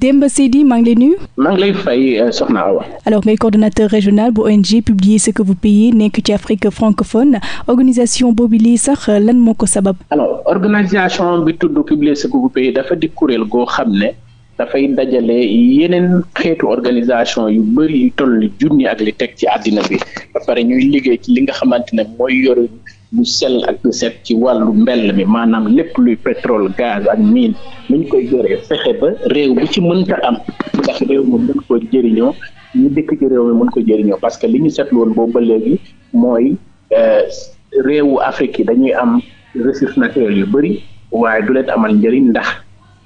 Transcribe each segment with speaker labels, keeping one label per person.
Speaker 1: Demba Seydi maa ngi lay nuyu.
Speaker 2: maa ngi lay fay euh, Soxna Awa.
Speaker 1: alors ngay coordonnateur régional bu ONG Publiez ce que vous payez nekk ci Afrique francophone organisation boobu lii sax euh, lan moo ko sabab. alors
Speaker 2: organisation bi tudd Publiez ce que vous payez dafa di kuréel goo xam ne dafay dajale yeneen xeetu organisation yu bëri yu toll junni ak li teg ci àddina bi ba pare ñuy liggéey ci li nga xamante ne mooy yor. bu sell ak bu set ci wàllu mbell mi maanaam lépp luy pétrole gaz ak mine nuñ koy joree fexe ba réew bi ci mënta am ndax réew moom mën ko jëriñoo ñu dëkk ci réew mi mën ko jëriñoo parce que li ñu set woon boobu ba léegi mooy euh, réewu Afrique yi dañuy am ressources naturelles yu bëri waaye du leen amal njëriñ ndax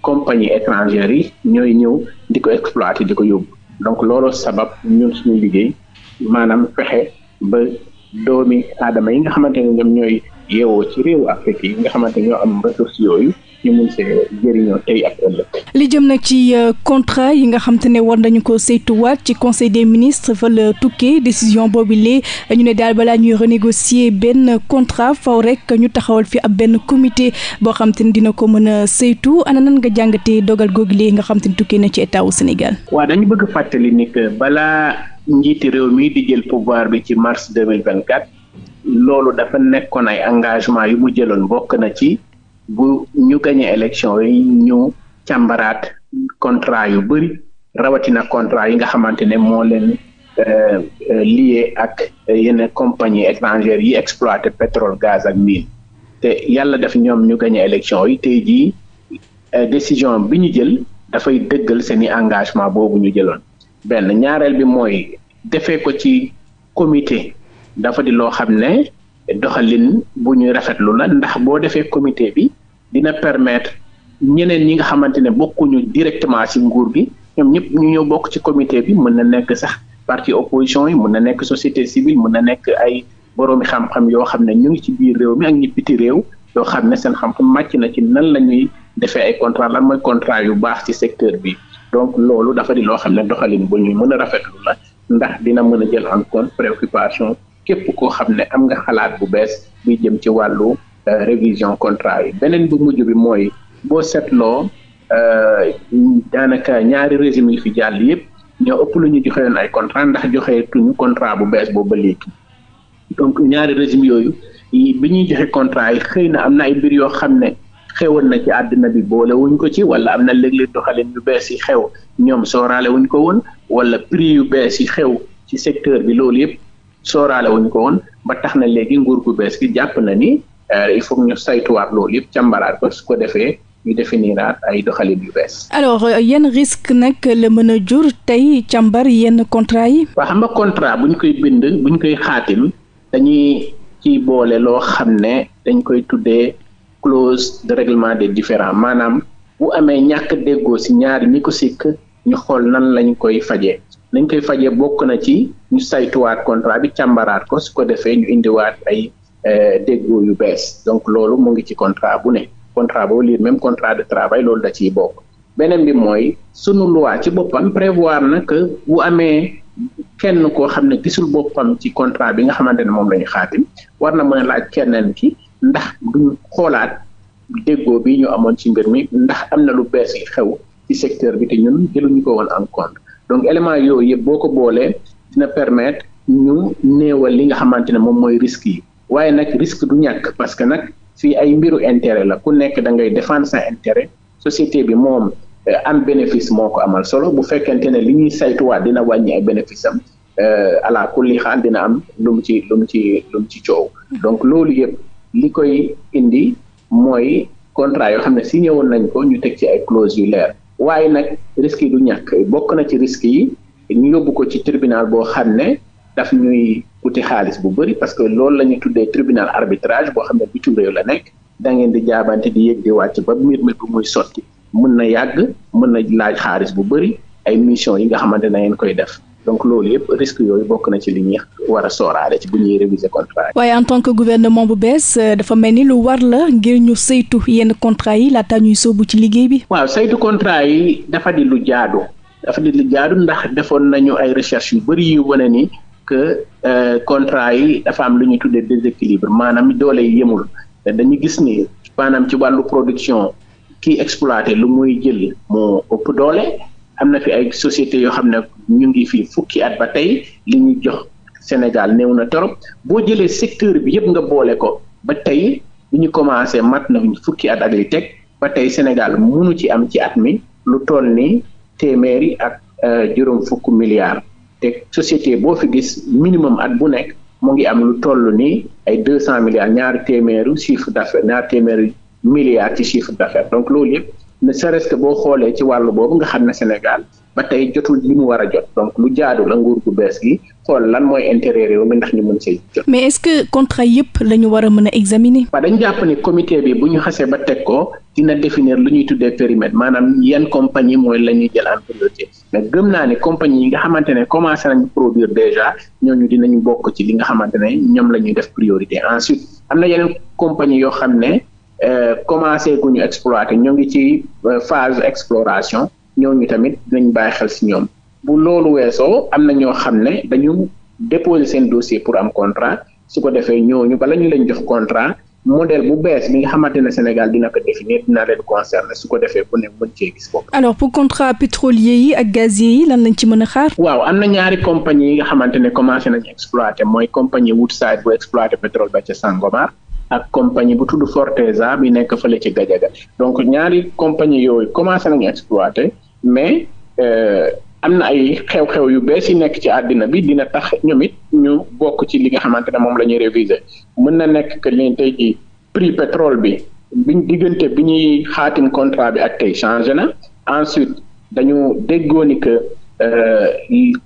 Speaker 2: compagnie étrangères yi ñooy ñëw di ko exploiter di ko yóbbu donc loolu sabab ñun suñu liggéey maanaam fexe ba doomi aadama yi nga xamante ne ñoom ñooy yeewoo ci réewu Afrique nga xamante ñoo am
Speaker 1: jëm nag ci euh, contrat yi nga xam te ne war nañu ko saytuwaat ci conseil des ministres fa la tukkee décision boobu lee ñu ne daal balaa ñuy renégocier benn contrat faw rek ñu taxawal fi ab benn comité boo xam te dina ko mën a saytu ana nan nga jàngatee dogal googu lee nga xam te ne tukkee na ci état wu Sénégal.
Speaker 2: waaw dañu bëgg fàttali ni balaa njiiti réew mi di jël pouvoir bi ci mars deux mille vingt quatre loolu dafa nekkoon ay engagement yu mu jëloon bokk na ci bu ñu gagné élection yi ñu càmbaraat contrat yu bëri rawatina contrat yi nga xamante ne moo leen euh, euh, lié ak yenn compagnie étrangère yi exploité pétrole gaz ak mine te yàlla def ñoom ñu gagné élection yi tey jii euh, décision bi ñu jël dafay dëggal seeni engagement boobu ñu jëloon benn ñaareel bi mooy defee ko ci comité dafa di loo xam ne doxalin bu ñuy rafetlu la ndax boo defee comité bi dina permettre ñeneen ñi nga xamante ne bokkuñu directement ci nguur gi ñoom ñëpp ñu ñëw bokk ci comité bi mën na nekk sax parti opposition yi mën na nekk société civile mun na nekk ay boroomi xam-xam yoo xam ne ñu ngi ci biir réew mi ak ñi biti réew yoo xam ne seen xam-xam màcc na ci nan la ñuy defee ay contrat lan mooy contrat yu baax ci secteur bi donc loolu dafa di loo xam ne doxalin bu ñuy mën a rafetlu la ndax dina mën a jël en compte préoccupation képp koo xam ne am nga xalaat bu bees buy jëm ci wàllu euh, révision contrat yi beneen bu mujj bi mooy boo seetloo euh, daanaka ñaari régime yi fi jàll yëpp ñoo ëpp lu ñu joxe woon ay contrat ndax joxe tuñu contrat bu bees boobu ba léegi donc ñaari régime yooyu bi ñuy joxe contrat yi xëy na am na ay mbir yoo xam ne xewoon na ci àddina bi boole wuñ ko ci wala am na léeg-léeg doxalin yu bees yi xew ñoom sooraale wuñ ko woon wala prix yu bees yi xew ci secteur bi loolu yëpp sooraale wuñ ko woon ba tax na léegi nguur gu bees gi jàpp na ni euh, il faut ñu saytuwaat loolu yëpp càmbaraat ko su ko defee ñu définiraat ay doxalin yu bees.
Speaker 1: alors euh, yenn risque nag la mën a jur tey càmbar yenn contrat yi.
Speaker 2: waa xam nga contrat buñ koy bind buñ koy xaatim dañuy ciy boole loo xam ne dañ koy tuddee. clause de règlement des différends maanaam bu amee ñàkk déggoo ci ñaari ñi ko sikk ñu xool nan lañu koy fajee nañ koy fajee bokk na ci ñu saytuwaat contrat bi càmbaraat ko su ko defee ñu indiwaat ay euh, déggoo yu bees donc loolu mu ngi ci contrat bu ne contrat boo liir même contrat de travail loolu da ciy bokk beneen bi mooy sunu loi ci boppam prévoir na que bu amee kenn koo xam ne gisul boppam ci contrat bi nga xamante ne moom la ñu xaatim war na mën a laaj keneen ki ndax duñ xoolaat déggoo bi ñu amoon ci mbir mi ndax am na lu bees yu xew ci secteur bi te ñun jëluñu ko woon en compte donc élément yooyu yëpp boo ko boolee dina permettre ñu néewal li nga xamante ne moom mooy risque yi waaye nag risque du ñàkk parce que nag fii ay mbiru intérêt la ku nekk da ngay défendre sa intérêt société bi moom euh, am bénéfice moo ko amal solo bu fekkente ne li ñuy saytuwaat dina wàññi ay bénéfice am euh, ala kulli xaal dina am lu mu ci lu ci coow mm-hmm. donc loolu yëpp li koy indi mooy contrat yoo xam ne si ñëwoon nañ ko ñu teg ci ay clause yu leer waaye nag risques yi du ñàkk bokk na ci risques yi ñu yóbbu ko ci tribunal boo xam ne daf ñuy uti xaalis bu bëri parce que loolu la ñuy tuddee tribunal arbitrage boo xam ne ci réew la nekk dangeen di jaabante di yéeg di wàcc ba mbir mi bu muy sotti mën na yàgg mën na laaj xaalis bu bëri ay mission yi nga xamante na ngeen koy def donc loolu yëpp risque yooyu bokk na ci li ñuy war a sooraale ci bu ñuy réviser contrat yi.
Speaker 1: waaye en tant que gouvernement bu bees euh, dafa mel ni lu war la ngir ñu saytu yenn contrat yi laata ñuy sóobu ci liggéey bi.
Speaker 2: waaw saytu contrat yi dafa di lu jaadu dafa di lu jaadu ndax defoon nañu ay recherche yu bëri yu wane ni que euh, contrat yi dafa am lu ñuy tuddee déséquilibre maanaam doole yi yemul dañu gis ni maanaam ci wàllu production kiy exploité lu muy jël moo ëpp doole. am na fi ay société yoo xam ne ñu ngi fi fukki at ba tey li ñu jox Sénégal néew na torop boo jëlee secteur bi yëpp nga boole ko ba tey bi ñu commencé mat na fukki at ak li teg ba tey Sénégal nu ci am ci at mi lu toll ni téeméeri ak euh, juróom fukk milliards te société boo fi gis minimum at bu nekk mu ngi am lu toll ni ay deux cent milliards ñaari téeméeru chiffre d'affaires ñaari téeméeri milliards ci chiffre d'affaires donc loolu yëpp mais serait-ce boo xoolee ci wàllu boobu nga xam ne Sénégal ba tey jotul li mu war a jot donc lu jaadu la nguur gu bees gi xool lan mooy intérêt réew mi ndax ñu mën see jot.
Speaker 1: mais est-ce que contrat yëpp la ñu war a mën a examiner. waaw dañu jàpp ni
Speaker 2: comité bi bu ñu xasee ba teg ko dina définir lu ñuy tuddee périmètre maanaam yan compagnie mooy la ñuy jël en priorité mais gëm naa ne compagnie yi nga xamante ne commencé nañu produire déjà ñooñu dinañu bokk ci li nga xamante ne ñoom la ñuy def priorité ensuite am na yeneen compagnie yoo xam ne. Euh, commencé guñu exploité ñoo ngi ci euh, phase exploration ñooñu tamit dinañ bàyyi xel si ñoom bu loolu weesoo am na ñoo xam ne dañu déposer seen dossier pour am contrat su ko defee ñooñu bala ñu leen jox contrat modèle bu bees bi nga xamante ne Sénégal dina ko définir dina leen concerner su ko defee bu ne mën cee gis bopp.
Speaker 1: alors pour contrat pétrolier yi ak gazier yi lan lañ ci mën a xaar. waaw
Speaker 2: am na ñaari compagnie yi nga xamante ne commencé nañu exploiter mooy compagnie Woodside bu exploiter pétrole ba ca Sangomar. ak compagnie bu tudd Forteza bi nekk fële ci Gadiaga donc ñaari compagnie yooyu commencé nañu exploité mais euh, am na ay xew-xew yu bees yi nekk ci àddina bi dina tax ñoom it ñu bokk ci li nga xamante ne moom la ñuy réviser mën na nekk que ni tey jii prix pétrole bi biñ diggante bi ñuy xaatim contrat bi ak tey changé na ensuite dañu déggoo ni que euh,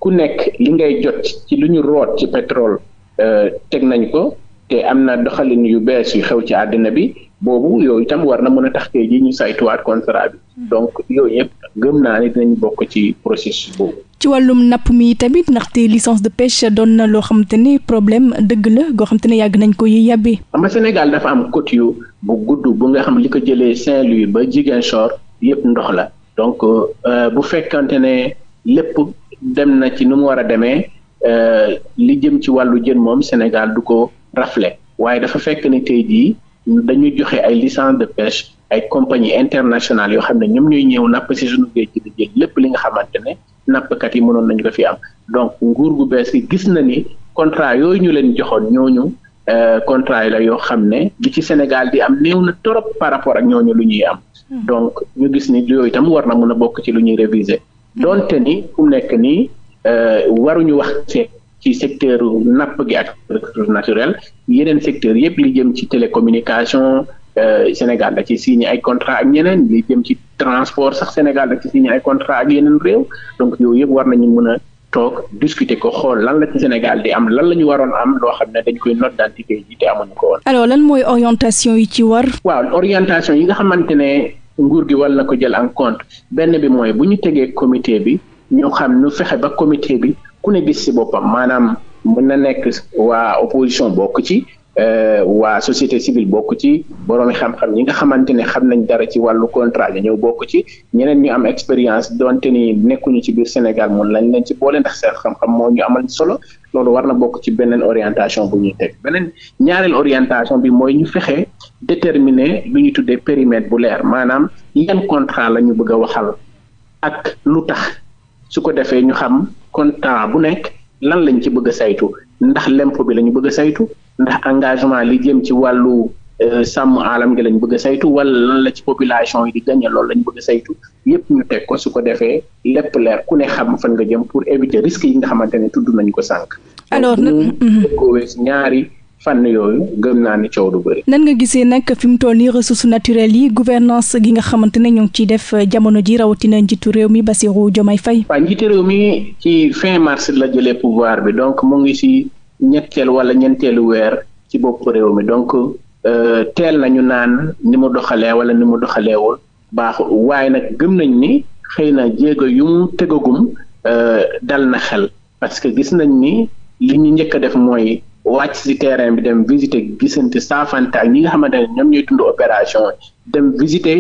Speaker 2: ku nekk li ngay jot ci lu ñu root ci pétrole euh, teg nañ ko te am na doxalin yu bees yu xew ci àddina bi boobu yooyu itam war na mën a tax tey jii ñu saytuwaat contrat bi donc yooyu yëpp gëm naa ne dinañ bokk ci processus boobu.
Speaker 1: ci wàllum napp mi tamit ndaxte licence de pêche doon na loo xamante ni problème dëgg la goo xamante ne yàgg nañ ko yi yàbbee.
Speaker 2: xam Sénégal dafa am côte yu bu gudd bu nga xam li ko jëlee Saint-Louis ba sor yëpp ndox la donc euh, bu fekkante ne lépp dem na ci nu mu war a demee euh, li jëm ci wàllu jën moom Sénégal du ko. raflet waaye dafa fekk ni tey jii dañu joxe ay licence de pêche ay compagnie internationale yoo xam ne ñoom ñooy ñëw napp si suñu géej gi jël lépp li nga xamante ne nappkat yi mënoon nañu ko fi am donc nguur gu bees gi gis na ni contrat yooyu ñu leen joxoon ñooñu euh, contrat yi la yoo xam ne li ci Sénégal di am néew na trop par rapport ak ñooñu lu ñuy am hmm. donc ñu gis ni yooyu itam war na mën a bokk ci lu ñuy réviser hmm. donte ni fu nekk nii euh, waruñu wax ci ci secteur napp gi ak naturel yeneen secteur yëpp li jëm ci télécommunication euh, Sénégal da ci signé ay contrat ak ñeneen li jëm ci transport sax Sénégal da ci signé ay contrat ak yeneen réew donc yooyu yëpp war nañu mën a toog discuter ko xool lan la ci Sénégal di am lan la ñu waroon am loo xam ne dañ koy not daan ci pays amuñu ko woon.
Speaker 1: alors lan mooy orientation yi ci war. waaw
Speaker 2: orientation yi nga xamante ne nguur gi war na ko jël en compte benn bi mooy bu ñu tegee comité bi. ñu xam nu fexe ba comité bi ku ne bis ci boppam maanaam mën na nekk waa opposition bokk ci euh, waa société civile bokk ci boroomi xam-xam ñi nga xamante ne xam nañ dara ci wàllu contrat yi ñëw bokk ci ñeneen ñu am expérience donte ni nekkuñu ci biir Sénégal moom lañ leen ci boole ndax seen xam-xam moo ñu amal solo loolu war na bokk ci beneen orientation bu ñuy teg beneen ñaareel orientation bi mooy ñu fexe déterminer lu ñu tuddee périmètre bu leer maanaam yan contrat ñu bëgg a waxal ak lu tax. su ko defee ñu xam comptant bu nekk lan lañ ci bëgg a saytu ndax lempo bi la ñu bëgg saytu ndax engagement li jëm ci wàllu euh, sàmm alam gi lañ bëgg saytu wala lan la ci population yi di gagné loolu lañ bëgg saytu yépp ñu teg ko su ko defee lépp leer ku ne xam fan nga jëm pour éviter risques yi nga xamante ne tudd nañ ko sànq. alors nag mhm. ñaari. fànn yooyu gëm naa ni coow du bëri.
Speaker 1: nan nga gisee nag fi mu toll nii ressources naturelles yi gouvernance gi nga xamante ne ñu ngi ciy def jamono ji rawatina njiitu réew mi Bassirou Diomaye fay
Speaker 2: waaw njiitu réew mi ci fin mars la jëlee pouvoir bi donc mu ngi si ñetteel wala ñeenteelu weer ci bopp réew mi donc euh, teel nañu naan ni mu doxalee wala ni mu doxaleewul baaxul waaye nag gëm nañ ni xëy na jéego yu mu tegagum euh, dal na xel parce que gis nañ ni li ñu njëkk a def mooy. wàcc si terrain bi dem visiter gisante saafante ak ñi nga xamante ne ñoom ñooy dund opération dem visiter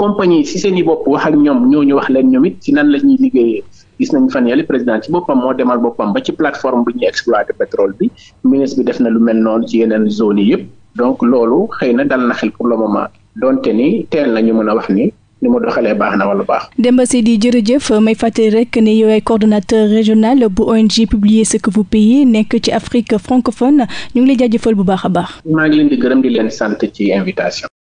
Speaker 2: compagnie si seen i bopp wax ak ñoom ñooñu wax leen ñoom it si nan la ñuy liggéeyee gis nañ fan yële président ci boppam moo demal boppam ba ci plateforme bu ñuy exploiter pétrole bi ministre bi def na lu mel noonu ci yeneen zone yi yëpp donc loolu xëy na dal na xel pour le moment donte ni teel ñu mën a wax ni ni mu doxalee baax na wala baax.
Speaker 1: Demba Seydi jërëjëf may fàttali rek ni yow ay coordonnateur régional bu ONG Publiez ce que yi nekk ci Afrique francophone ñu ngi lay jaajëfal bu baax a baax.
Speaker 2: maa ngi leen di gërëm di leen sant ci invitation.